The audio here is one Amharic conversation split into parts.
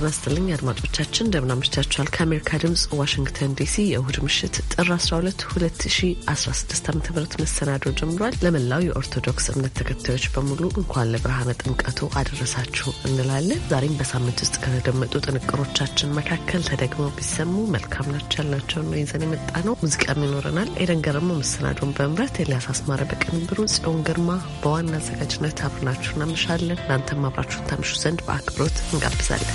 ጤና ስጥልኝ አድማጮቻችን፣ እንደምን ከአሜሪካ ድምፅ ዋሽንግተን ዲሲ የእሁድ ምሽት ጥር 12 2016 ዓ ም መሰናዶ ጀምሯል። ለመላው የኦርቶዶክስ እምነት ተከታዮች በሙሉ እንኳን ለብርሃነ ጥምቀቱ አደረሳችሁ እንላለን። ዛሬም በሳምንት ውስጥ ከተደመጡ ጥንቅሮቻችን መካከል ተደግመው ቢሰሙ መልካም ናቸው ያልናቸውን ነው ይዘን የመጣ ነው። ሙዚቃም ይኖረናል። ኤደን ገረሞ መሰናዶን በመምራት ኤልያስ አስማረ በቅንብሩ፣ ጽዮን ግርማ በዋና አዘጋጅነት አብረናችሁ እናመሻለን። እናንተም አብራችሁን ታምሹ ዘንድ በአክብሮት እንጋብዛለን።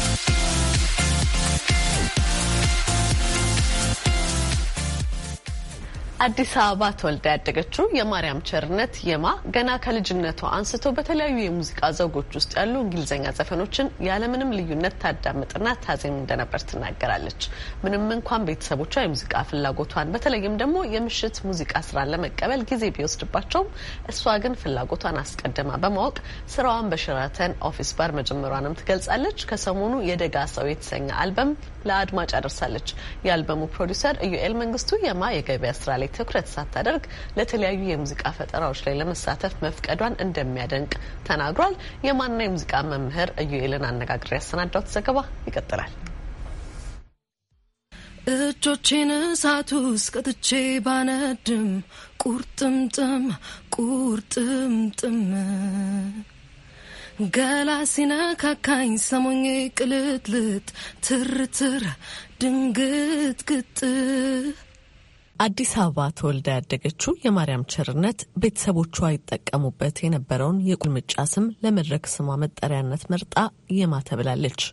አዲስ አበባ ተወልዳ ያደገችው የማርያም ቸርነት የማ ገና ከልጅነቷ አንስቶ በተለያዩ የሙዚቃ ዘውጎች ውስጥ ያሉ እንግሊዝኛ ዘፈኖችን ያለምንም ልዩነት ታዳምጥና ታዜም እንደነበር ትናገራለች። ምንም እንኳን ቤተሰቦቿ የሙዚቃ ፍላጎቷን በተለይም ደግሞ የምሽት ሙዚቃ ስራን ለመቀበል ጊዜ ቢወስድባቸውም እሷ ግን ፍላጎቷን አስቀድማ በማወቅ ስራዋን በሸራተን ኦፊስ ባር መጀመሯንም ትገልጻለች። ከሰሞኑ የደጋ ሰው የተሰኘ አልበም ለአድማጭ አደርሳለች። የአልበሙ ፕሮዲውሰር ኢዩኤል መንግስቱ የማ የገበያ ስራ ላይ ትኩረት ሳታደርግ ለተለያዩ የሙዚቃ ፈጠራዎች ላይ ለመሳተፍ መፍቀዷን እንደሚያደንቅ ተናግሯል። የማና የሙዚቃ መምህር ኢዩኤልን አነጋግሬ ያሰናዳሁት ዘገባ ይቀጥላል። እጆቼን እሳት ውስጥ ባነድም ቁርጥምጥም ቁርጥምጥም ገላ ሲነካካኝ ሰሞኜ ቅልጥልጥ ትርትር ድንግጥግጥ አዲስ አበባ ተወልዳ ያደገችው የማርያም ቸርነት ቤተሰቦቿ ይጠቀሙበት የነበረውን የቁልምጫ ስም ለመድረክ ስሟ መጠሪያነት መርጣ የማ ተብላለች።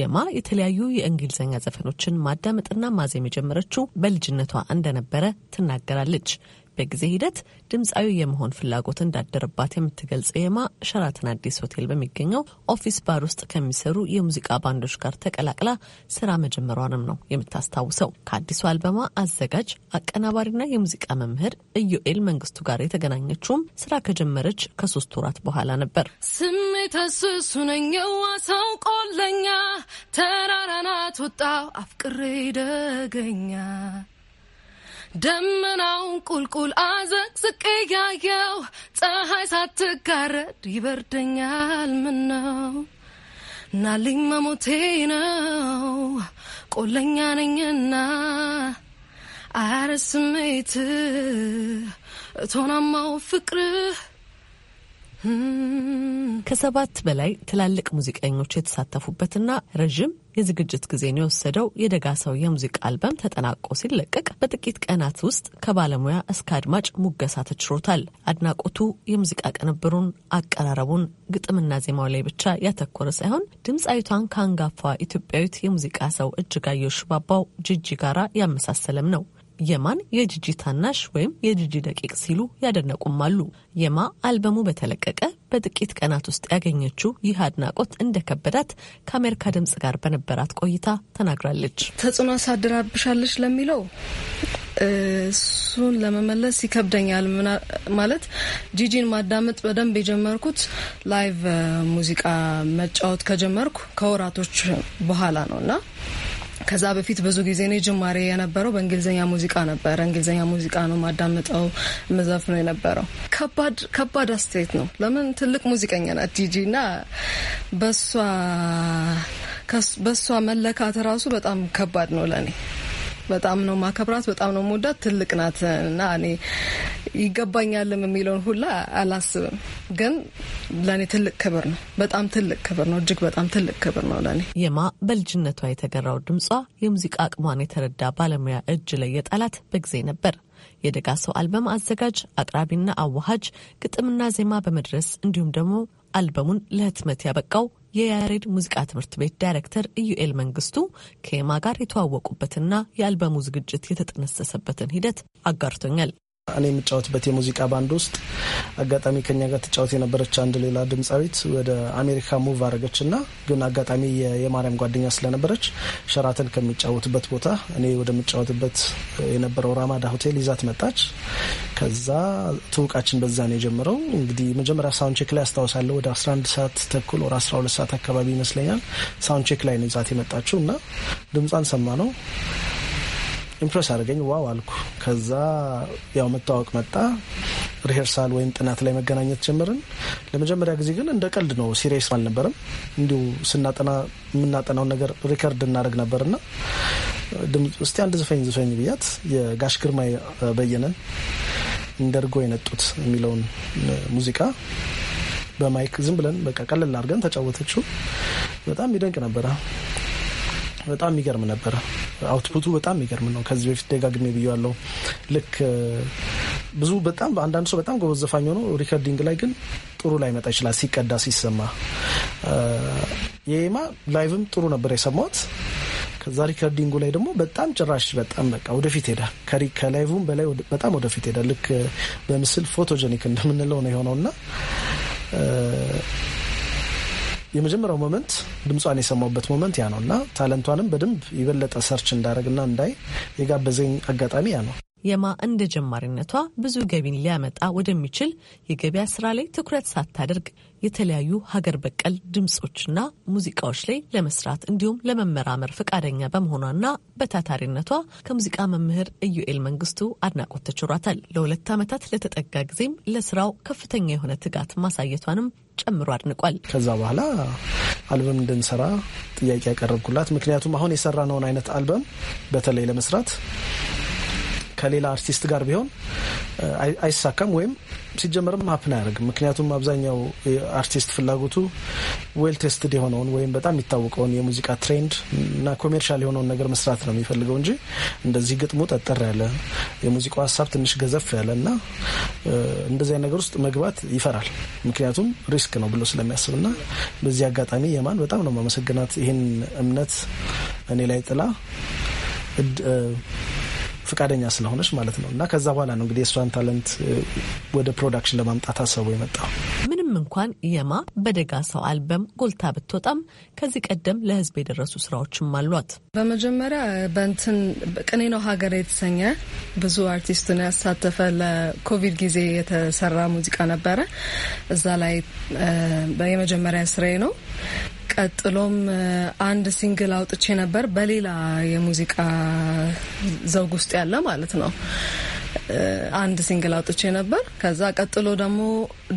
የማ የተለያዩ የእንግሊዝኛ ዘፈኖችን ማዳመጥና ማዜም የጀመረችው በልጅነቷ እንደነበረ ትናገራለች። በጊዜ ሂደት ድምፃዊ የመሆን ፍላጎት እንዳደረባት የምትገልጸው የማ ሸራተን አዲስ ሆቴል በሚገኘው ኦፊስ ባር ውስጥ ከሚሰሩ የሙዚቃ ባንዶች ጋር ተቀላቅላ ስራ መጀመሯንም ነው የምታስታውሰው። ከአዲሱ አልበማ አዘጋጅ አቀናባሪና የሙዚቃ መምህር ኢዮኤል መንግስቱ ጋር የተገናኘችውም ስራ ከጀመረች ከሶስት ወራት በኋላ ነበር። ስሜት ስሱ ነኛው ተራራናት ወጣው አፍቅሬ ደገኛ ደመናውን ቁልቁል አዘቅዝቅ ያየው ፀሐይ ሳትጋረድ ይበርደኛል ምነው ናልኝ መሞቴ ነው ቆለኛ ነኝና አያረ ስሜት እቶናማው ፍቅርህ Hmm. ከሰባት በላይ ትላልቅ ሙዚቀኞች የተሳተፉበትና ረዥም የዝግጅት ጊዜን የወሰደው የደጋ ሰው የሙዚቃ አልበም ተጠናቆ ሲለቀቅ በጥቂት ቀናት ውስጥ ከባለሙያ እስከ አድማጭ ሙገሳ ተችሮታል። አድናቆቱ የሙዚቃ ቅንብሩን፣ አቀራረቡን፣ ግጥምና ዜማው ላይ ብቻ ያተኮረ ሳይሆን ድምፃዊቷን ከአንጋፋ ኢትዮጵያዊት የሙዚቃ ሰው እጅጋየሁ ሽባባው ጂጂ ጋራ ያመሳሰለም ነው። የማን የጂጂ ታናሽ ወይም የጂጂ ደቂቅ ሲሉ ያደነቁም አሉ። የማ አልበሙ በተለቀቀ በጥቂት ቀናት ውስጥ ያገኘችው ይህ አድናቆት እንደከበዳት ከአሜሪካ ድምጽ ጋር በነበራት ቆይታ ተናግራለች። ተጽዕኖ አሳድራብሻለች ለሚለው እሱን ለመመለስ ይከብደኛል። ማለት ጂጂን ማዳመጥ በደንብ የጀመርኩት ላይቭ ሙዚቃ መጫወት ከጀመርኩ ከወራቶች በኋላ ነው እና ከዛ በፊት ብዙ ጊዜ እኔ ጅማሬ የነበረው በእንግሊዝኛ ሙዚቃ ነበረ። እንግሊዝኛ ሙዚቃ ነው ማዳምጠው መዘፍ ነው የነበረው። ከባድ ከባድ አስተያየት ነው። ለምን ትልቅ ሙዚቀኛ ናት ጂጂ እና በሷ በእሷ መለካት ራሱ በጣም ከባድ ነው ለእኔ በጣም ነው ማከብራት፣ በጣም ነው መወዳት። ትልቅ ናት እና እኔ ይገባኛልም የሚለውን ሁላ አላስብም፣ ግን ለእኔ ትልቅ ክብር ነው። በጣም ትልቅ ክብር ነው። እጅግ በጣም ትልቅ ክብር ነው ለእኔ። የማ በልጅነቷ የተገራው ድምጿ የሙዚቃ አቅሟን የተረዳ ባለሙያ እጅ ላይ የጣላት በጊዜ ነበር። የደጋ ሰው አልበም አዘጋጅ አቅራቢና አዋሃጅ ግጥምና ዜማ በመድረስ እንዲሁም ደግሞ አልበሙን ለህትመት ያበቃው የያሬድ ሙዚቃ ትምህርት ቤት ዳይሬክተር ኢዩኤል መንግስቱ ከየማ ጋር የተዋወቁበትና የአልበሙ ዝግጅት የተጠነሰሰበትን ሂደት አጋርቶኛል። እኔ የምጫወትበት የሙዚቃ ባንድ ውስጥ አጋጣሚ ከኛ ጋር ትጫወት የነበረች አንድ ሌላ ድምፃዊት ወደ አሜሪካ ሙቭ አድረገች እና ግን አጋጣሚ የማርያም ጓደኛ ስለነበረች ሸራተን ከሚጫወትበት ቦታ እኔ ወደምጫወትበት የነበረው ራማዳ ሆቴል ይዛት መጣች። ከዛ ትውቃችን በዛ ነው የጀመረው። እንግዲህ መጀመሪያ ሳውንቼክ ላይ አስታውሳለሁ ወደ 11 ሰዓት ተኩል ወደ 12 ሰዓት አካባቢ ይመስለኛል ሳውንቼክ ላይ ነው ይዛት የመጣችው እና ድምጿን ሰማ ነው ኢምፕሬስ አድርገኝ ዋው አልኩ። ከዛ ያው መታወቅ መጣ። ሪሄርሳል ወይም ጥናት ላይ መገናኘት ጀመርን። ለመጀመሪያ ጊዜ ግን እንደ ቀልድ ነው፣ ሲሪየስ አልነበረም። እንዲሁ ስናጠና የምናጠናውን ነገር ሪከርድ እናደርግ ነበርና እስቲ አንድ ዝፈኝ ዝፈኝ ብያት የጋሽ ግርማ በየነን እንደርጎ የነጡት የሚለውን ሙዚቃ በማይክ ዝም ብለን በቃ ቀለል አድርገን ተጫወተችው። በጣም ይደንቅ ነበረ። በጣም የሚገርም ነበረ። አውትፑቱ በጣም የሚገርም ነው። ከዚህ በፊት ደጋግሜ ብያለሁ። ልክ ብዙ በጣም አንዳንድ ሰው በጣም ጎበዝ ዘፋኝ ሆኖ ሪከርዲንግ ላይ ግን ጥሩ ላይ መጣ ይችላል ሲቀዳ ሲሰማ። የኤማ ላይቭም ጥሩ ነበር የሰማሁት። ከዛ ሪከርዲንጉ ላይ ደግሞ በጣም ጭራሽ በጣም በቃ ወደፊት ሄዳ ከላይቭም በላይ በጣም ወደፊት ሄዳ ልክ በምስል ፎቶጀኒክ እንደምንለው ነው የሆነውና የመጀመሪያው ሞመንት ድምጿን የሰማሁበት ሞመንት ያ ነው እና ታለንቷንም በደንብ የበለጠ ሰርች እንዳደረግና እንዳይ የጋበዘኝ አጋጣሚ ያ ነው። የማ እንደ ጀማሪነቷ ብዙ ገቢን ሊያመጣ ወደሚችል የገበያ ስራ ላይ ትኩረት ሳታደርግ የተለያዩ ሀገር በቀል ድምፆችና ሙዚቃዎች ላይ ለመስራት እንዲሁም ለመመራመር ፈቃደኛ በመሆኗና በታታሪነቷ ከሙዚቃ መምህር ኢዩኤል መንግስቱ አድናቆት ተችሯታል። ለሁለት ዓመታት ለተጠጋ ጊዜም ለስራው ከፍተኛ የሆነ ትጋት ማሳየቷንም ጨምሮ አድንቋል። ከዛ በኋላ አልበም እንድንሰራ ጥያቄ ያቀረብኩላት፣ ምክንያቱም አሁን የሰራነውን አይነት አልበም በተለይ ለመስራት ከሌላ አርቲስት ጋር ቢሆን አይሳካም ወይም ሲጀመርም ሀፕን አያደርግም። ምክንያቱም አብዛኛው አርቲስት ፍላጎቱ ዌል ቴስትድ የሆነውን ወይም በጣም የሚታወቀውን የሙዚቃ ትሬንድ እና ኮሜርሻል የሆነውን ነገር መስራት ነው የሚፈልገው እንጂ እንደዚህ ግጥሙ ጠጠር ያለ የሙዚቃው ሀሳብ ትንሽ ገዘፍ ያለ እና እንደዚያ ነገር ውስጥ መግባት ይፈራል። ምክንያቱም ሪስክ ነው ብሎ ስለሚያስብ እና በዚህ አጋጣሚ የማን በጣም ነው ማመሰግናት ይህን እምነት እኔ ላይ ጥላ ፍቃደኛ ስለሆነች ማለት ነው። እና ከዛ በኋላ ነው እንግዲህ የእሷን ታለንት ወደ ፕሮዳክሽን ለማምጣት አሰቡ የመጣው። ምንም እንኳን የማ በደጋ ሰው አልበም ጎልታ ብትወጣም ከዚህ ቀደም ለህዝብ የደረሱ ስራዎችም አሏት። በመጀመሪያ በንትን ቅኔ ነው ሀገር የተሰኘ ብዙ አርቲስቱን ያሳተፈ ለኮቪድ ጊዜ የተሰራ ሙዚቃ ነበረ። እዛ ላይ የመጀመሪያ ስራዬ ነው። ቀጥሎም አንድ ሲንግል አውጥቼ ነበር በሌላ የሙዚቃ ዘውግ ውስጥ ያለ ማለት ነው። አንድ ሲንግል አውጥቼ ነበር። ከዛ ቀጥሎ ደግሞ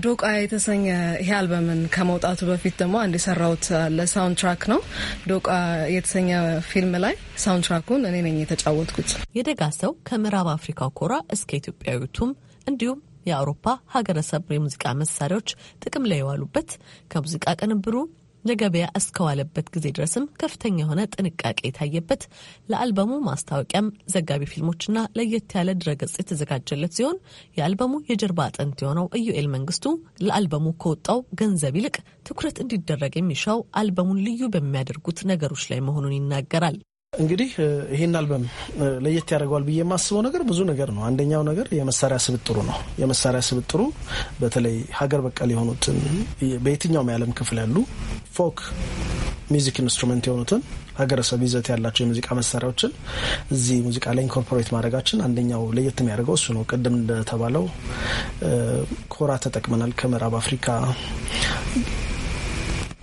ዶቃ የተሰኘ ይሄ አልበምን ከመውጣቱ በፊት ደግሞ አንድ የሰራሁት አለ። ሳውንድ ትራክ ነው። ዶቃ የተሰኘ ፊልም ላይ ሳውንድ ትራኩን እኔ ነኝ የተጫወትኩት። የደጋ ሰው ከምዕራብ አፍሪካው ኮራ እስከ ኢትዮጵያዊቱም እንዲሁም የአውሮፓ ሀገረሰብ የሙዚቃ መሳሪያዎች ጥቅም ላይ የዋሉበት ከሙዚቃ ቅንብሩ ለገበያ እስከዋለበት ጊዜ ድረስም ከፍተኛ የሆነ ጥንቃቄ የታየበት ለአልበሙ ማስታወቂያም ዘጋቢ ፊልሞችና ለየት ያለ ድረገጽ የተዘጋጀለት ሲሆን የአልበሙ የጀርባ አጥንት የሆነው ኢዩኤል መንግስቱ ለአልበሙ ከወጣው ገንዘብ ይልቅ ትኩረት እንዲደረግ የሚሻው አልበሙን ልዩ በሚያደርጉት ነገሮች ላይ መሆኑን ይናገራል። እንግዲህ ይህን አልበም ለየት ያደርገዋል ብዬ የማስበው ነገር ብዙ ነገር ነው። አንደኛው ነገር የመሳሪያ ስብጥሩ ነው። የመሳሪያ ስብጥሩ በተለይ ሀገር በቀል የሆኑትን በየትኛውም የዓለም ክፍል ያሉ ፎክ ሚዚክ ኢንስትሩመንት የሆኑትን ሀገረሰብ ይዘት ያላቸው የሙዚቃ መሳሪያዎችን እዚህ ሙዚቃ ላይ ኢንኮርፖሬት ማድረጋችን አንደኛው ለየት የሚያደርገው እሱ ነው። ቅድም እንደተባለው ኮራ ተጠቅመናል ከምዕራብ አፍሪካ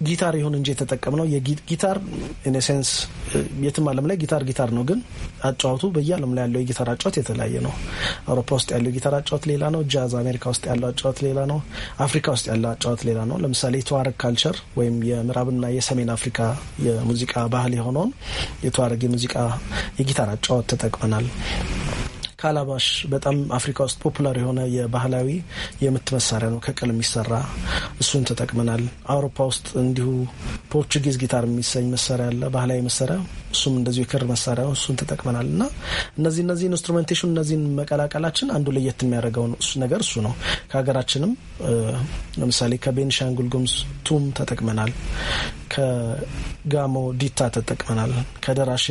ጊታር ይሁን እንጂ የተጠቀምነው የጊታር ኢንሴንስ የትም ዓለም ላይ ጊታር ጊታር ነው። ግን አጫዋቱ በየዓለም ላይ ያለው የጊታር አጫዋት የተለያየ ነው። አውሮፓ ውስጥ ያለው የጊታር አጫወት ሌላ ነው። ጃዝ አሜሪካ ውስጥ ያለው አጫዋት ሌላ ነው። አፍሪካ ውስጥ ያለው አጫዋት ሌላ ነው። ለምሳሌ የተዋረግ ካልቸር ወይም የምዕራብና የሰሜን አፍሪካ የሙዚቃ ባህል የሆነውን የተዋረግ የሙዚቃ የጊታር አጫዋት ተጠቅመናል። ካላባሽ በጣም አፍሪካ ውስጥ ፖፑላር የሆነ የባህላዊ የምት መሳሪያ ነው፣ ከቅል የሚሰራ እሱን ተጠቅመናል። አውሮፓ ውስጥ እንዲሁ ፖርቹጊዝ ጊታር የሚሰኝ መሳሪያ አለ፣ ባህላዊ መሳሪያ፣ እሱም እንደዚሁ የክር መሳሪያ፣ እሱን ተጠቅመናል እና እነዚህ እነዚህ ኢንስትሩሜንቴሽን እነዚህን መቀላቀላችን አንዱ ለየት የሚያደርገው ነገር እሱ ነው። ከሀገራችንም ለምሳሌ ከቤኒሻንጉል ጉሙዝ ቱም ተጠቅመናል። ከጋሞ ዲታ ተጠቅመናል። ከደራሼ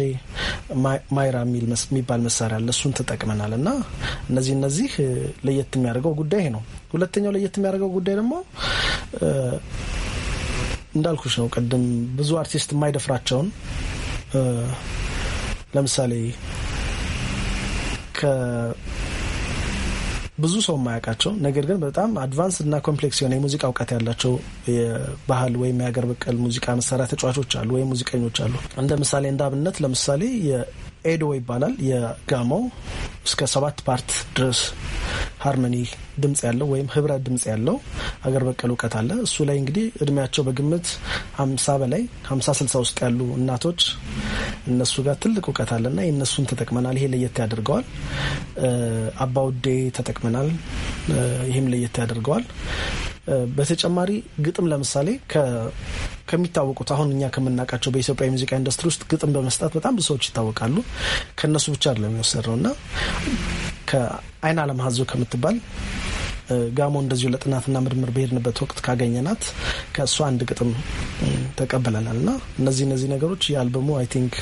ማይራ የሚባል መሳሪያ አለ፣ እሱን ተጠቅመናል እና እነዚህ እነዚህ ለየት የሚያደርገው ጉዳይ ነው። ሁለተኛው ለየት የሚያደርገው ጉዳይ ደግሞ እንዳልኩሽ ነው ቅድም ብዙ አርቲስት የማይደፍራቸውን ለምሳሌ ብዙ ሰው የማያውቃቸው ነገር ግን በጣም አድቫንስ እና ኮምፕሌክስ የሆነ የሙዚቃ እውቀት ያላቸው የባህል ወይም የሀገር በቀል ሙዚቃ መሳሪያ ተጫዋቾች አሉ ወይም ሙዚቀኞች አሉ። እንደ ምሳሌ እንደ አብነት ለምሳሌ ኤዶ ይባላል። የጋማው እስከ ሰባት ፓርት ድረስ ሃርመኒ ድምጽ ያለው ወይም ህብረት ድምጽ ያለው አገር በቀል እውቀት አለ። እሱ ላይ እንግዲህ እድሜያቸው በግምት ሀምሳ በላይ ሀምሳ ስልሳ ውስጥ ያሉ እናቶች እነሱ ጋር ትልቅ እውቀት አለና የእነሱን ተጠቅመናል። ይሄ ለየት ያደርገዋል። አባውዴ ተጠቅመናል። ይህም ለየት ያደርገዋል። በተጨማሪ ግጥም ለምሳሌ ከሚታወቁት አሁን እኛ ከምናውቃቸው በኢትዮጵያ የሙዚቃ ኢንዱስትሪ ውስጥ ግጥም በመስጠት በጣም ብዙ ሰዎች ይታወቃሉ። ከእነሱ ብቻ አይደለም የወሰድ ነው እና ከአይን አለም ሀዞ ከምትባል ጋሞ እንደዚሁ ለጥናትና ምርምር በሄድንበት ወቅት ካገኘናት ከእሱ አንድ ግጥም ተቀብለናል እና እነዚህ እነዚህ ነገሮች የአልበሙ አይ ቲንክ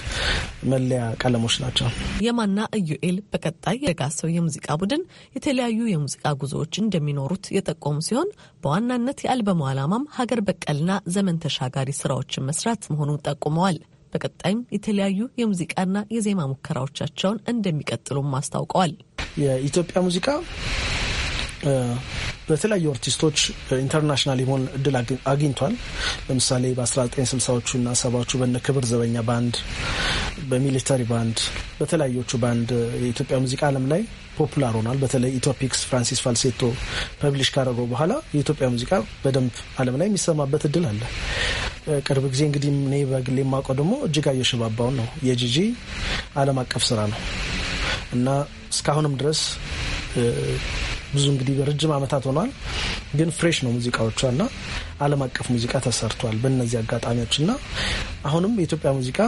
መለያ ቀለሞች ናቸው። የማና ኢዩኤል በቀጣይ የጋሰው የሙዚቃ ቡድን የተለያዩ የሙዚቃ ጉዞዎች እንደሚኖሩት የጠቆሙ ሲሆን በዋናነት የአልበሙ ዓላማም ሀገር በቀልና ዘመን ተሻጋሪ ስራዎችን መስራት መሆኑን ጠቁመዋል። በቀጣይም የተለያዩ የሙዚቃና የዜማ ሙከራዎቻቸውን እንደሚቀጥሉም አስታውቀዋል። የኢትዮጵያ ሙዚቃ በተለያዩ አርቲስቶች ኢንተርናሽናል የመሆን እድል አግኝቷል። ለምሳሌ በ1960ዎቹ እና ሰባዎቹ በነ ክብር ዘበኛ ባንድ፣ በሚሊተሪ ባንድ፣ በተለያዮቹ ባንድ የኢትዮጵያ ሙዚቃ ዓለም ላይ ፖፑላር ሆኗል። በተለይ ኢትዮፒክስ ፍራንሲስ ፋልሴቶ ፐብሊሽ ካደረገው በኋላ የኢትዮጵያ ሙዚቃ በደንብ ዓለም ላይ የሚሰማበት እድል አለ። ቅርብ ጊዜ እንግዲህ እኔ በግሌ የማውቀው ደግሞ እጅጋየሁ ሽባባውን ነው። የጂጂ ዓለም አቀፍ ስራ ነው እና እስካሁንም ድረስ ብዙ እንግዲህ በረጅም ዓመታት ሆኗል፣ ግን ፍሬሽ ነው ሙዚቃዎቿ እና ዓለም አቀፍ ሙዚቃ ተሰርቷል በእነዚህ አጋጣሚዎች እና አሁንም የኢትዮጵያ ሙዚቃ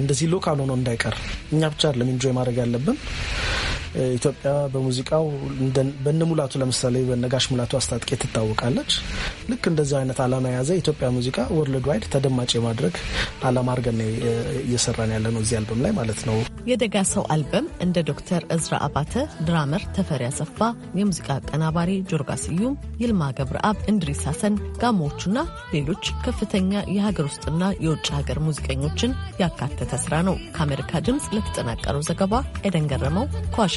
እንደዚህ ሎካል ሆኖ እንዳይቀር እኛ ብቻ አይደለም ኢንጆይ ማድረግ ያለብን ኢትዮጵያ በሙዚቃው በነ ሙላቱ ለምሳሌ በነጋሽ ሙላቱ አስታጥቄ ትታወቃለች። ልክ እንደዚህ አይነት አላማ የያዘ የኢትዮጵያ ሙዚቃ ወርልድ ዋይድ ተደማጭ የማድረግ አላማ አድርገን እየሰራን ያለ ነው እዚህ አልበም ላይ ማለት ነው። የደጋ ሰው አልበም እንደ ዶክተር እዝራ አባተ፣ ድራመር ተፈሪ አሰፋ፣ የሙዚቃ አቀናባሪ ጆርጋ ስዩም፣ ይልማ ገብረአብ፣ እንድሪስ ሀሰን፣ ጋሞዎቹና ሌሎች ከፍተኛ የሀገር ውስጥና የውጭ ሀገር ሙዚቀኞችን ያካተተ ስራ ነው። ከአሜሪካ ድምፅ ለተጠናቀረው ዘገባ ኤደን ገረመው ከዋሽ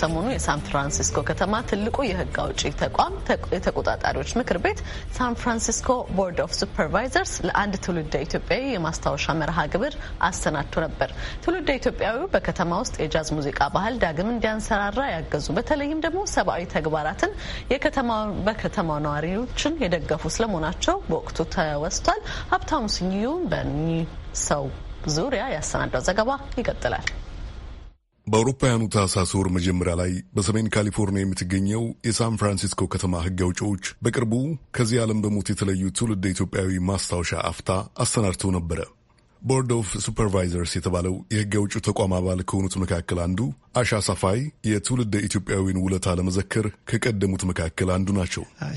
ከሰሞኑ የሳን ፍራንሲስኮ ከተማ ትልቁ የህግ አውጪ ተቋም የተቆጣጣሪዎች ምክር ቤት ሳን ፍራንሲስኮ ቦርድ ኦፍ ሱፐርቫይዘርስ ለአንድ ትውልደ ኢትዮጵያዊ የማስታወሻ መርሃ ግብር አሰናድቶ ነበር። ትውልደ ኢትዮጵያዊ በከተማ ውስጥ የጃዝ ሙዚቃ ባህል ዳግም እንዲያንሰራራ ያገዙ በተለይም ደግሞ ሰብአዊ ተግባራትን በከተማው ነዋሪዎችን የደገፉ ስለመሆናቸው በወቅቱ ተወስቷል። ሀብታሙ ስዩም በኒህ ሰው ዙሪያ ያሰናዳው ዘገባ ይቀጥላል። በአውሮፓውያኑ ታህሳስ ወር መጀመሪያ ላይ በሰሜን ካሊፎርኒያ የምትገኘው የሳን ፍራንሲስኮ ከተማ ሕግ አውጪዎች በቅርቡ ከዚህ ዓለም በሞት የተለዩ ትውልድ ኢትዮጵያዊ ማስታወሻ አፍታ አሰናድተው ነበረ። ቦርድ ኦፍ ሱፐርቫይዘርስ የተባለው የሕግ ውጭ ተቋም አባል ከሆኑት መካከል አንዱ አሻ ሳፋይ የትውልደ ኢትዮጵያዊን ውለታ ለመዘከር ከቀደሙት መካከል አንዱ ናቸው። uh,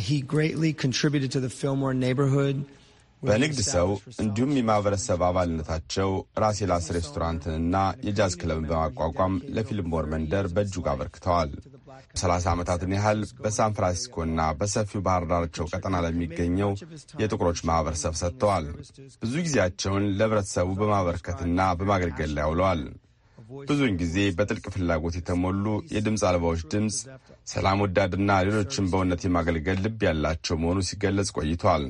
በንግድ ሰው እንዲሁም የማህበረሰብ አባልነታቸው ራሴላስ ሬስቶራንትንና የጃዝ ክለብን በማቋቋም ለፊልም መንደር በእጅጉ አበርክተዋል። ሰላሳ ዓመታትን ያህል በሳን ፍራንሲስኮና በሰፊው ባህር ዳርቻው ቀጠና ለሚገኘው የጥቁሮች ማህበረሰብ ሰጥተዋል። ብዙ ጊዜያቸውን ለህብረተሰቡ በማበርከትና በማገልገል ላይ አውለዋል። ብዙውን ጊዜ በጥልቅ ፍላጎት የተሞሉ የድምፅ አልባዎች ድምፅ፣ ሰላም ወዳድና ሌሎችን በእውነት የማገልገል ልብ ያላቸው መሆኑ ሲገለጽ ቆይቷል።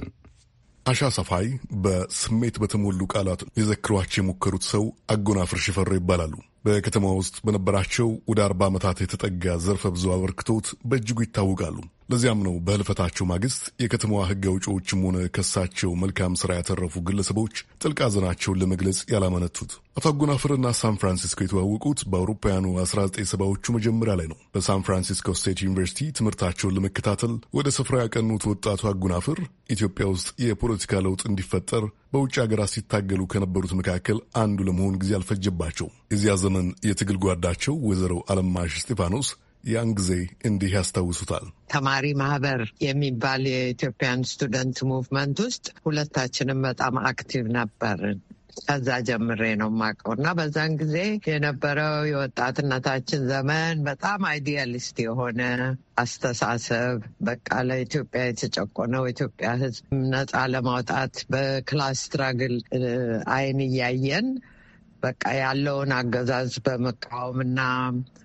አሻ ሰፋይ በስሜት በተሞሉ ቃላት ሊዘክሯቸው የሞከሩት ሰው አጎናፍር ሽፈሮ ይባላሉ። በከተማ ውስጥ በነበራቸው ወደ አርባ ዓመታት የተጠጋ ዘርፈ ብዙ አበርክቶት በእጅጉ ይታወቃሉ። ለዚያም ነው በህልፈታቸው ማግስት የከተማዋ ህግ አውጪዎችም ሆነ ከሳቸው መልካም ስራ ያተረፉ ግለሰቦች ጥልቅ ሐዘናቸውን ለመግለጽ ያላመነቱት። አቶ አጎናፍርና ሳን ፍራንሲስኮ የተዋወቁት በአውሮፓውያኑ 1970ዎቹ መጀመሪያ ላይ ነው። በሳን ፍራንሲስኮ ስቴት ዩኒቨርሲቲ ትምህርታቸውን ለመከታተል ወደ ስፍራ ያቀኑት ወጣቱ አጎናፍር ኢትዮጵያ ውስጥ የፖለቲካ ለውጥ እንዲፈጠር በውጭ ሀገራት ሲታገሉ ከነበሩት መካከል አንዱ ለመሆን ጊዜ አልፈጀባቸው። የዚያ ዘመን የትግል ጓዳቸው ወይዘሮ አለማሽ እስጢፋኖስ ያን ጊዜ እንዲህ ያስታውሱታል። ተማሪ ማህበር የሚባል የኢትዮጵያን ስቱደንት ሙቭመንት ውስጥ ሁለታችንም በጣም አክቲቭ ነበርን። ከዛ ጀምሬ ነው የማውቀው እና በዛን ጊዜ የነበረው የወጣትነታችን ዘመን በጣም አይዲያሊስት የሆነ አስተሳሰብ በቃ ለኢትዮጵያ የተጨቆነው ኢትዮጵያ ሕዝብ ነፃ ለማውጣት በክላስ ስትራግል አይን እያየን በቃ ያለውን አገዛዝ በመቃወምና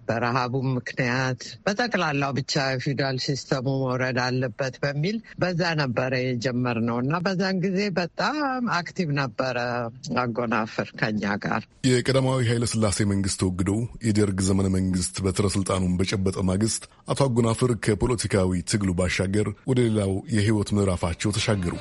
በረሃቡ ምክንያት በጠቅላላው ብቻ ፊውዳል ሲስተሙ መውረድ አለበት በሚል በዛ ነበረ የጀመርነው እና በዛን ጊዜ በጣም አክቲቭ ነበረ አጎናፍር ከኛ ጋር። የቀዳማዊ ስላሴ መንግስት ወግዶ የደርግ ዘመነ መንግስት በትረ ስልጣኑን በጨበጠ ማግስት አቶ አጎናፍር ከፖለቲካዊ ትግሉ ባሻገር ወደ ሌላው የህይወት ምዕራፋቸው ተሻገሩ።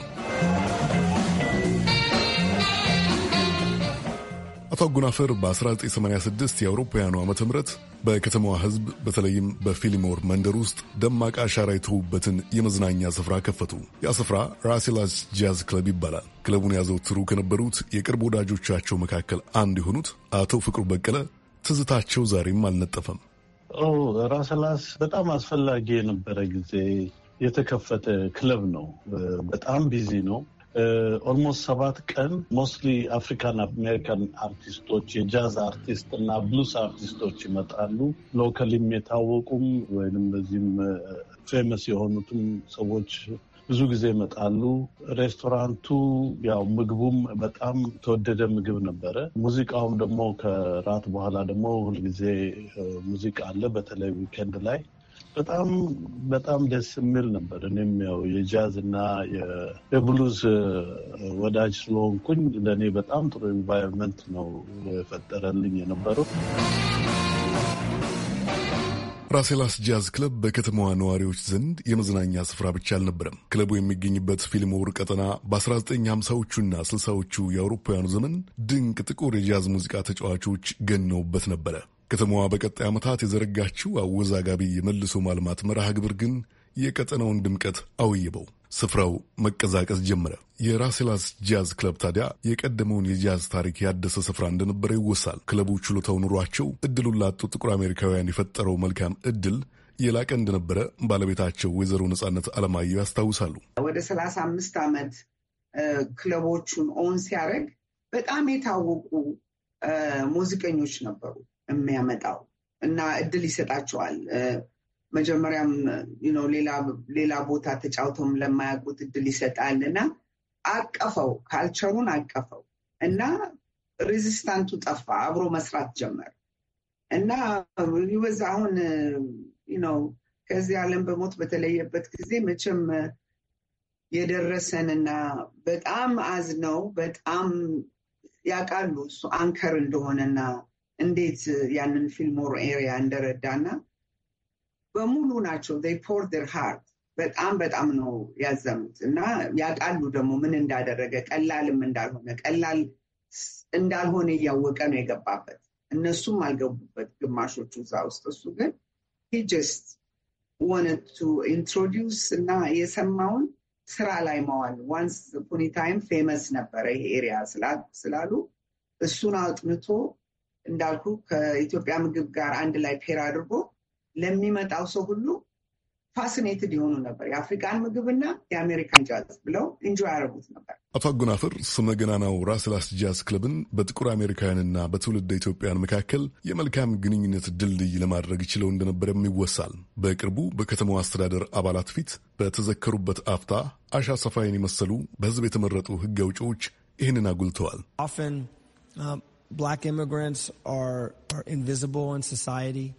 አቶ አጎናፍር በ1986 የአውሮፓውያኑ ዓመተ ምህረት በከተማዋ ሕዝብ በተለይም በፊሊሞር መንደር ውስጥ ደማቅ አሻራ የተዉበትን የመዝናኛ ስፍራ ከፈቱ። ያ ስፍራ ራሴላስ ጃዝ ክለብ ይባላል። ክለቡን ያዘወትሩ ከነበሩት የቅርብ ወዳጆቻቸው መካከል አንድ የሆኑት አቶ ፍቅሩ በቀለ ትዝታቸው ዛሬም አልነጠፈም። ራሴላስ በጣም አስፈላጊ የነበረ ጊዜ የተከፈተ ክለብ ነው። በጣም ቢዚ ነው። ኦልሞስት ሰባት ቀን ሞስትሊ አፍሪካን አሜሪካን አርቲስቶች የጃዝ አርቲስት እና ብሉስ አርቲስቶች ይመጣሉ። ሎከሊም የታወቁም ወይም በዚህም ፌመስ የሆኑትም ሰዎች ብዙ ጊዜ ይመጣሉ። ሬስቶራንቱ ያው ምግቡም በጣም ተወደደ ምግብ ነበረ። ሙዚቃውም ደግሞ ከራት በኋላ ደግሞ ሁልጊዜ ሙዚቃ አለ፣ በተለይ ዊኬንድ ላይ በጣም በጣም ደስ የሚል ነበር። እኔም ያው የጃዝ እና የብሉዝ ወዳጅ ስለሆንኩኝ ለእኔ በጣም ጥሩ ኤንቫይሮንመንት ነው የፈጠረልኝ የነበረው። ራሴላስ ጃዝ ክለብ በከተማዋ ነዋሪዎች ዘንድ የመዝናኛ ስፍራ ብቻ አልነበረም። ክለቡ የሚገኝበት ፊልሞር ቀጠና በ1950ዎቹና 60ዎቹ የአውሮፓውያኑ ዘመን ድንቅ ጥቁር የጃዝ ሙዚቃ ተጫዋቾች ገነውበት ነበረ። ከተማዋ በቀጣይ ዓመታት የዘረጋችው አወዛጋቢ የመልሶ ማልማት መርሃ ግብር ግን የቀጠናውን ድምቀት አውይበው ስፍራው መቀዛቀዝ ጀመረ። የራሴላስ ጃዝ ክለብ ታዲያ የቀደመውን የጃዝ ታሪክ ያደሰ ስፍራ እንደነበረ ይወሳል። ክለቡ ችሎታው ኑሯቸው እድሉን ላጡ ጥቁር አሜሪካውያን የፈጠረው መልካም እድል የላቀ እንደነበረ ባለቤታቸው ወይዘሮ ነጻነት አለማየሁ ያስታውሳሉ። ወደ ሰላሳ አምስት ዓመት ክለቦቹን ኦን ሲያደርግ በጣም የታወቁ ሙዚቀኞች ነበሩ። የሚያመጣው እና እድል ይሰጣቸዋል። መጀመሪያም ሌላ ቦታ ተጫውተውም ለማያውቁት እድል ይሰጣል እና አቀፈው፣ ካልቸሩን አቀፈው እና ሬዚስታንቱ ጠፋ፣ አብሮ መስራት ጀመር እና ይበዛ አሁን ነው ከዚህ ዓለም በሞት በተለየበት ጊዜ መቼም የደረሰን እና በጣም አዝነው በጣም ያውቃሉ እሱ አንከር እንደሆነና እንዴት ያንን ፊልሞር ኤሪያ እንደረዳና በሙሉ ናቸው ፖር ር ሃርት በጣም በጣም ነው ያዘኑት እና ያውቃሉ ደግሞ ምን እንዳደረገ ቀላልም እንዳልሆነ ቀላል እንዳልሆነ እያወቀ ነው የገባበት። እነሱም አልገቡበት ግማሾቹ እዛ ውስጥ እሱ ግን ጀስት ወነቱ ኢንትሮዲውስ እና የሰማውን ስራ ላይ መዋል ዋንስ ፖኒ ታይም ፌመስ ነበረ ይሄ ኤሪያ ስላሉ እሱን አጥንቶ እንዳልኩ ከኢትዮጵያ ምግብ ጋር አንድ ላይ ፔር አድርጎ ለሚመጣው ሰው ሁሉ ፋሲኔትድ የሆኑ ነበር። የአፍሪካን ምግብና የአሜሪካን ጃዝ ብለው እንጆ ያደረጉት ነበር። አቶ አጎናፍር ስመ ገናናው ራስ ላስ ጃዝ ክለብን በጥቁር አሜሪካውያንና በትውልድ ኢትዮጵያን መካከል የመልካም ግንኙነት ድልድይ ለማድረግ ችለው እንደነበረም ይወሳል። በቅርቡ በከተማው አስተዳደር አባላት ፊት በተዘከሩበት አፍታ አሻ ሰፋይን የመሰሉ በሕዝብ የተመረጡ ሕግ አውጪዎች ይህንን አጉልተዋል። uh,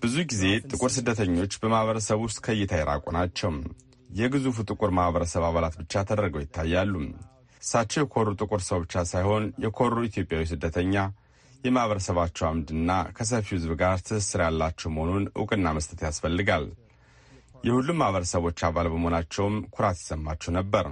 ብዙ ጊዜ ጥቁር ስደተኞች በማህበረሰብ ውስጥ ከእይታ የራቁ ናቸው። የግዙፉ ጥቁር ማህበረሰብ አባላት ብቻ ተደርገው ይታያሉ። እሳቸው የኮሩ ጥቁር ሰው ብቻ ሳይሆን የኮሩ ኢትዮጵያዊ ስደተኛ የማህበረሰባቸው አምድና ከሰፊው ሕዝብ ጋር ትስስር ያላቸው መሆኑን እውቅና መስጠት ያስፈልጋል። የሁሉም ማህበረሰቦች አባል በመሆናቸውም ኩራት ይሰማቸው ነበር።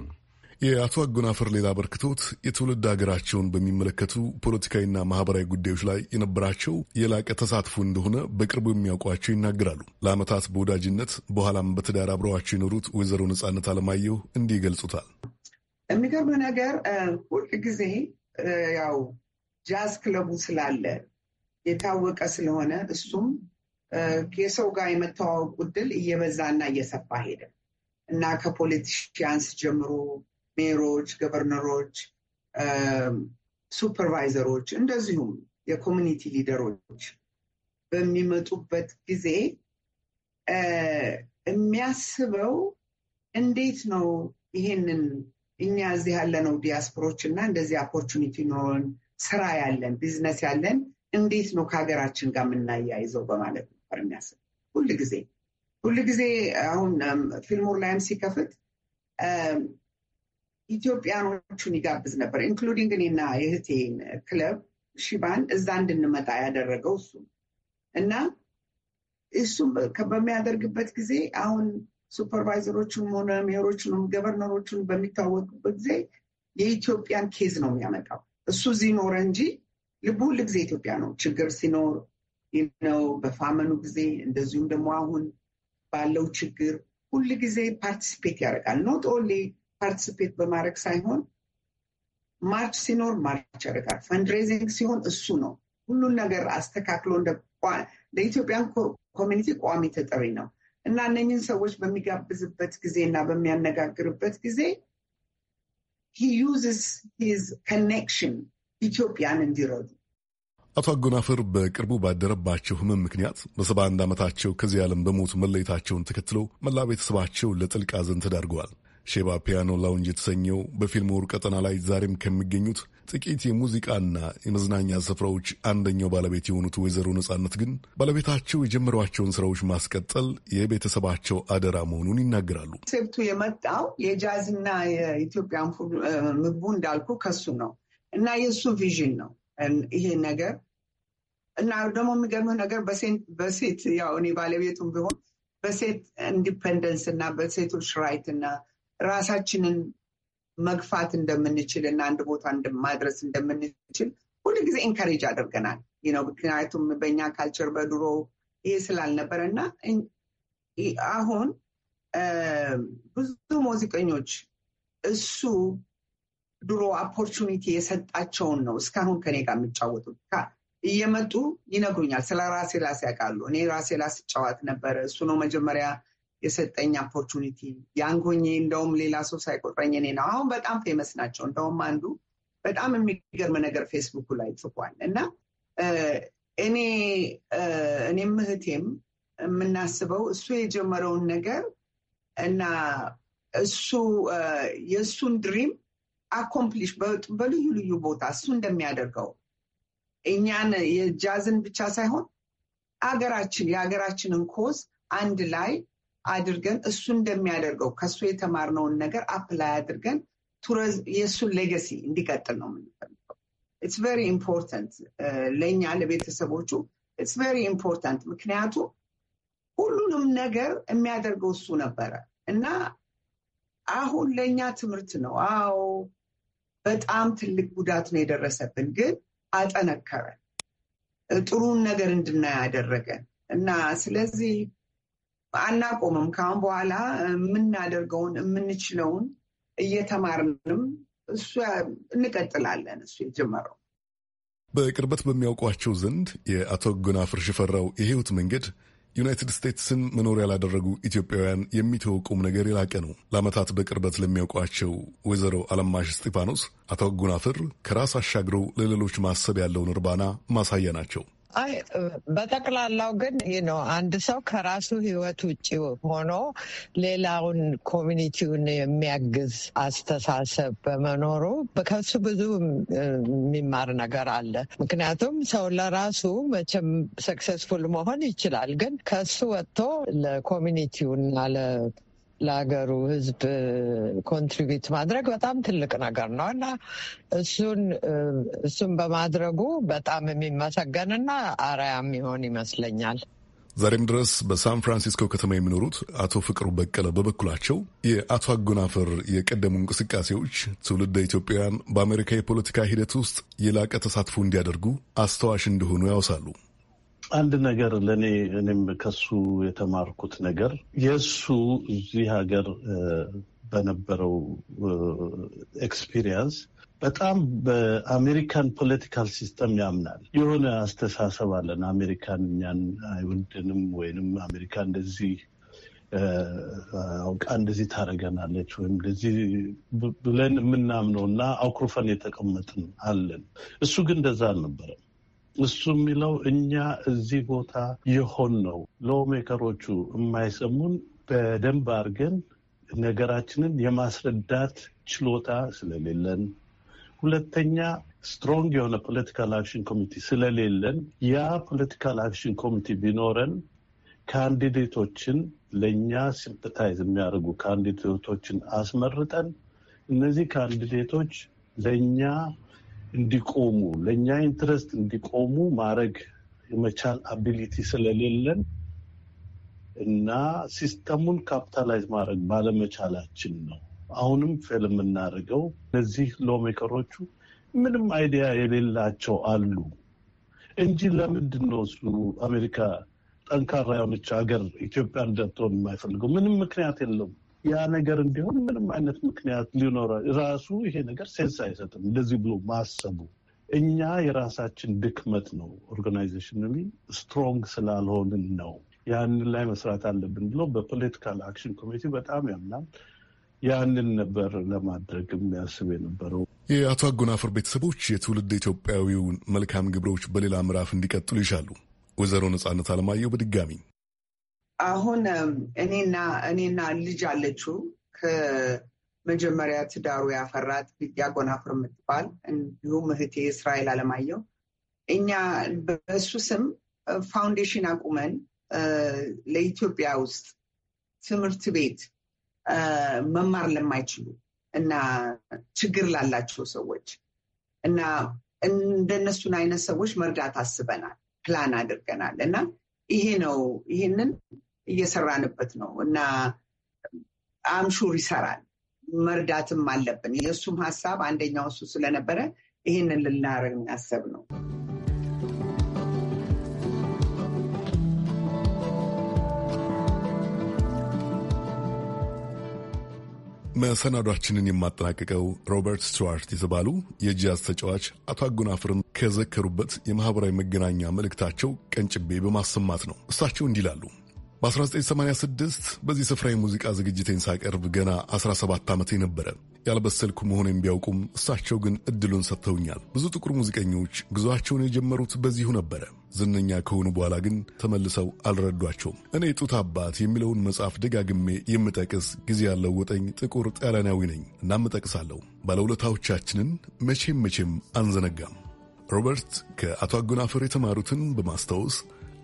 የአቶ አጎናፍር ሌላ አበርክቶት የትውልድ ሀገራቸውን በሚመለከቱ ፖለቲካዊና ማህበራዊ ጉዳዮች ላይ የነበራቸው የላቀ ተሳትፎ እንደሆነ በቅርቡ የሚያውቋቸው ይናገራሉ። ለአመታት በወዳጅነት በኋላም በትዳር አብረዋቸው የኖሩት ወይዘሮ ነጻነት አለማየሁ እንዲህ ይገልጹታል። የሚገርም ነገር ሁል ጊዜ ያው ጃዝ ክለቡ ስላለ የታወቀ ስለሆነ እሱም የሰው ጋር የመተዋወቁ ዕድል እየበዛና እየሰፋ ሄደ እና ከፖለቲሽያንስ ጀምሮ ሜሮች፣ ገቨርነሮች፣ ሱፐርቫይዘሮች እንደዚሁም የኮሚኒቲ ሊደሮች በሚመጡበት ጊዜ የሚያስበው እንዴት ነው ይሄንን እኛ እዚህ ያለነው ዲያስፖሮች እና እንደዚህ ኦፖርቹኒቲ ኖሮን ስራ ያለን ቢዝነስ ያለን እንዴት ነው ከሀገራችን ጋር የምናያይዘው በማለት ነበር የሚያስብ ሁልጊዜ ጊዜ አሁን ፊልሙር ላይም ሲከፍት ኢትዮጵያኖቹን ይጋብዝ ነበር። ኢንክሉዲንግ እኔና የእህቴን ክለብ ሽባን እዛ እንድንመጣ ያደረገው እሱ እና እሱም በሚያደርግበት ጊዜ አሁን ሱፐርቫይዘሮቹን ሆነ ሜሮቹንም ገቨርነሮቹን በሚታወቁበት ጊዜ የኢትዮጵያን ኬዝ ነው የሚያመጣው። እሱ እዚህ ኖረ እንጂ ልቡ ሁል ጊዜ ኢትዮጵያ ነው። ችግር ሲኖር ነው በፋመኑ ጊዜ፣ እንደዚሁም ደግሞ አሁን ባለው ችግር ሁል ጊዜ ፓርቲሲፔት ያደርጋል ኖት ኦንሊ ፓርቲስፔት በማድረግ ሳይሆን ማርች ሲኖር ማርች ያደርጋል። ፈንድሬዚንግ ሲሆን እሱ ነው ሁሉን ነገር አስተካክሎ ለኢትዮጵያ ኮሚኒቲ ቋሚ ተጠሪ ነው እና እነኝን ሰዎች በሚጋብዝበት ጊዜ እና በሚያነጋግርበት ጊዜ ሂ ዩዝስ ሂዝ ኮኔክሽን ኢትዮጵያን እንዲረዱ አቶ አጎናፍር በቅርቡ ባደረባቸው ህመም ምክንያት በሰባ አንድ ዓመታቸው ከዚህ ዓለም በሞት መለየታቸውን ተከትለው መላ ቤተሰባቸው ለጥልቅ ሐዘን ተዳርገዋል። ሼባ ፒያኖ ላውንጅ የተሰኘው በፊልም ውር ቀጠና ላይ ዛሬም ከሚገኙት ጥቂት የሙዚቃና የመዝናኛ ስፍራዎች አንደኛው ባለቤት የሆኑት ወይዘሮ ነጻነት ግን ባለቤታቸው የጀመሯቸውን ስራዎች ማስቀጠል የቤተሰባቸው አደራ መሆኑን ይናገራሉ። ሴብቱ የመጣው የጃዝና የኢትዮጵያን ምግቡ እንዳልኩ ከሱ ነው እና የእሱ ቪዥን ነው ይሄ ነገር እና ደግሞ የሚገርምህ ነገር በሴት ያው እኔ ባለቤቱም ቢሆን በሴት ኢንዲፐንደንስ እና በሴቶች ራይት እና ራሳችንን መግፋት እንደምንችል እና አንድ ቦታ ማድረስ እንደምንችል ሁሉ ጊዜ ኢንካሬጅ አድርገናል ምክንያቱም በእኛ ካልቸር በድሮ ይሄ ስላልነበረ እና አሁን ብዙ ሙዚቀኞች እሱ ድሮ ኦፖርቹኒቲ የሰጣቸውን ነው እስካሁን ከኔ ጋር የሚጫወቱ እየመጡ ይነግሩኛል። ስለ ራሴ ላስ ያውቃሉ። እኔ ራሴ ላስ ጫዋት ነበረ። እሱ ነው መጀመሪያ የሰጠኝ ኦፖርቹኒቲ ያንጎኝ እንደውም ሌላ ሰው ሳይቆጥረኝ እኔ ነው። አሁን በጣም ፌመስ ናቸው። እንደውም አንዱ በጣም የሚገርም ነገር ፌስቡኩ ላይ ጽፏል እና እኔ እኔም እህቴም የምናስበው እሱ የጀመረውን ነገር እና እሱ የእሱን ድሪም አኮምፕሊሽ በልዩ ልዩ ቦታ እሱ እንደሚያደርገው እኛን የጃዝን ብቻ ሳይሆን አገራችን የሀገራችንን ኮዝ አንድ ላይ አድርገን እሱ እንደሚያደርገው ከእሱ የተማርነውን ነገር አፕላይ አድርገን የእሱን ሌገሲ እንዲቀጥል ነው የምንፈልገው። ኢትስ ቬሪ ኢምፖርታንት ለእኛ ለቤተሰቦቹ ኢትስ ቬሪ ኢምፖርታንት ምክንያቱ ሁሉንም ነገር የሚያደርገው እሱ ነበረ እና አሁን ለእኛ ትምህርት ነው። አዎ በጣም ትልቅ ጉዳት ነው የደረሰብን፣ ግን አጠነከረን፣ ጥሩን ነገር እንድናይ አደረገን እና ስለዚህ አናቆምም። ከአሁን በኋላ የምናደርገውን የምንችለውን እየተማርንም እሱ እንቀጥላለን። እሱ የጀመረው በቅርበት በሚያውቋቸው ዘንድ የአቶ ጎናፍር ሽፈራው የህይወት መንገድ ዩናይትድ ስቴትስን መኖሪያ ላደረጉ ኢትዮጵያውያን የሚተወቁም ነገር የላቀ ነው። ለአመታት በቅርበት ለሚያውቋቸው ወይዘሮ አለማሽ እስጢፋኖስ አቶ ጉናፍር ከራስ አሻግረው ለሌሎች ማሰብ ያለውን እርባና ማሳያ ናቸው። አይ በጠቅላላው ግን ነው አንድ ሰው ከራሱ ህይወት ውጭ ሆኖ ሌላውን ኮሚኒቲውን የሚያግዝ አስተሳሰብ በመኖሩ ከሱ ብዙ የሚማር ነገር አለ። ምክንያቱም ሰው ለራሱ መቼም ሰክሰስፉል መሆን ይችላል፣ ግን ከሱ ወጥቶ ለኮሚኒቲውና ለሀገሩ ህዝብ ኮንትሪቢዩት ማድረግ በጣም ትልቅ ነገር ነው እና እሱን እሱን በማድረጉ በጣም የሚመሰገንና አርአያ የሚሆን ይመስለኛል። ዛሬም ድረስ በሳን ፍራንሲስኮ ከተማ የሚኖሩት አቶ ፍቅሩ በቀለ በበኩላቸው የአቶ አጎናፈር የቀደሙ እንቅስቃሴዎች ትውልደ ኢትዮጵያውያን በአሜሪካ የፖለቲካ ሂደት ውስጥ የላቀ ተሳትፎ እንዲያደርጉ አስተዋሽ እንደሆኑ ያውሳሉ። አንድ ነገር ለእኔ እኔም ከሱ የተማርኩት ነገር የእሱ እዚህ ሀገር በነበረው ኤክስፒሪየንስ በጣም በአሜሪካን ፖለቲካል ሲስተም ያምናል። የሆነ አስተሳሰብ አለን። አሜሪካን እኛን አይወድንም ወይንም አሜሪካ እንደዚህ አውቃ እንደዚህ ታደርገናለች ወይም እንደዚህ ብለን የምናምነው እና አኩርፈን የተቀመጥን አለን። እሱ ግን እንደዛ አልነበረም። እሱ የሚለው እኛ እዚህ ቦታ የሆን ነው ሎሜከሮቹ የማይሰሙን በደንብ አድርገን ነገራችንን የማስረዳት ችሎታ ስለሌለን፣ ሁለተኛ ስትሮንግ የሆነ ፖለቲካል አክሽን ኮሚቴ ስለሌለን፣ ያ ፖለቲካል አክሽን ኮሚቴ ቢኖረን ካንዲዴቶችን ለእኛ ሲምፐታይዝ የሚያደርጉ ካንዲዴቶችን አስመርጠን እነዚህ ካንዲዴቶች ለእኛ እንዲቆሙ ለእኛ ኢንትረስት እንዲቆሙ ማድረግ የመቻል አቢሊቲ ስለሌለን እና ሲስተሙን ካፒታላይዝ ማድረግ ባለመቻላችን ነው አሁንም ፌል የምናደርገው። እነዚህ ሎሜከሮቹ ምንም አይዲያ የሌላቸው አሉ እንጂ ለምንድን ነው እሱ አሜሪካ ጠንካራ የሆነች ሀገር ኢትዮጵያ እንደትሆን የማይፈልገው? ምንም ምክንያት የለውም። ያ ነገር እንዲሆን ምንም አይነት ምክንያት ሊኖረ ራሱ ይሄ ነገር ሴንስ አይሰጥም። እንደዚህ ብሎ ማሰቡ እኛ የራሳችን ድክመት ነው። ኦርጋናይዜሽን ስትሮንግ ስላልሆንን ነው። ያንን ላይ መስራት አለብን ብሎ በፖለቲካል አክሽን ኮሚቴ በጣም ያምናል። ያንን ነበር ለማድረግ የሚያስብ የነበረው። የአቶ አጎናፍር ቤተሰቦች የትውልድ ኢትዮጵያዊውን መልካም ግብሮች በሌላ ምዕራፍ እንዲቀጥሉ ይሻሉ። ወይዘሮ ነጻነት አለማየሁ በድጋሚ አሁን እኔና እኔና ልጅ አለችው ከመጀመሪያ ትዳሩ ያፈራት ቢድያ ጎናፍር የምትባል እንዲሁም እህቴ እስራኤል አለማየሁ እኛ በሱ ስም ፋውንዴሽን አቁመን ለኢትዮጵያ ውስጥ ትምህርት ቤት መማር ለማይችሉ እና ችግር ላላቸው ሰዎች እና እንደነሱን አይነት ሰዎች መርዳት አስበናል፣ ፕላን አድርገናል እና ይሄ ነው ይህንን እየሰራንበት ነው እና አምሹር ይሰራል። መርዳትም አለብን። የእሱም ሀሳብ አንደኛው እሱ ስለነበረ ይህንን ልናረግ ያሰብ ነው። መሰናዷችንን የማጠናቀቀው ሮበርት ስቱዋርት የተባሉ የጃዝ ተጫዋች አቶ አጎናፍርን ከዘከሩበት የማኅበራዊ መገናኛ መልእክታቸው ቀንጭቤ በማሰማት ነው። እሳቸው እንዲህ ይላሉ። በ1986 በዚህ ስፍራ የሙዚቃ ዝግጅቴን ሳቀርብ ገና 17 ዓመት ነበረ። ያልበሰልኩ መሆኔን ቢያውቁም እሳቸው ግን እድሉን ሰጥተውኛል። ብዙ ጥቁር ሙዚቀኞች ጉዞአቸውን የጀመሩት በዚሁ ነበረ። ዝነኛ ከሆኑ በኋላ ግን ተመልሰው አልረዷቸውም። እኔ ጡት አባት የሚለውን መጽሐፍ ደጋግሜ የምጠቅስ ጊዜ ያለው ወጠኝ ጥቁር ጣሊያናዊ ነኝ። እናምጠቅሳለሁ። ባለውለታዎቻችንን መቼም መቼም አንዘነጋም። ሮበርት ከአቶ አጎናፈር የተማሩትን በማስታወስ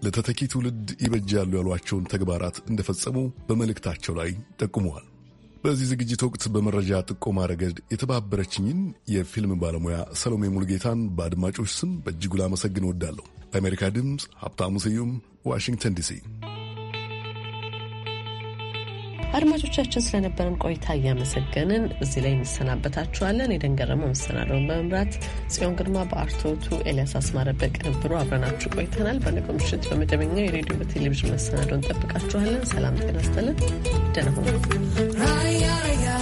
ለተተኪ ትውልድ ይበጃሉ ያሏቸውን ተግባራት እንደፈጸሙ በመልእክታቸው ላይ ጠቁመዋል። በዚህ ዝግጅት ወቅት በመረጃ ጥቆማ ረገድ የተባበረችኝን የፊልም ባለሙያ ሰሎሜ ሙልጌታን በአድማጮች ስም በእጅጉ ላመሰግን እወዳለሁ። ለአሜሪካ ድምፅ ሀብታሙ ስዩም ዋሽንግተን ዲሲ አድማጮቻችን ስለነበረን ቆይታ እያመሰገንን እዚህ ላይ እንሰናበታችኋለን። የደንገረመው መሰናደውን በመምራት ጽዮን ግርማ፣ በአርቶቱ ኤልያስ አስማረ፣ በቅንብሩ አብረናችሁ ቆይተናል። በነገው ምሽት በመደበኛ የሬዲዮ በቴሌቪዥን መሰናደውን እንጠብቃችኋለን። ሰላም ጤና ይስጥልን። ደህና ሁኑ።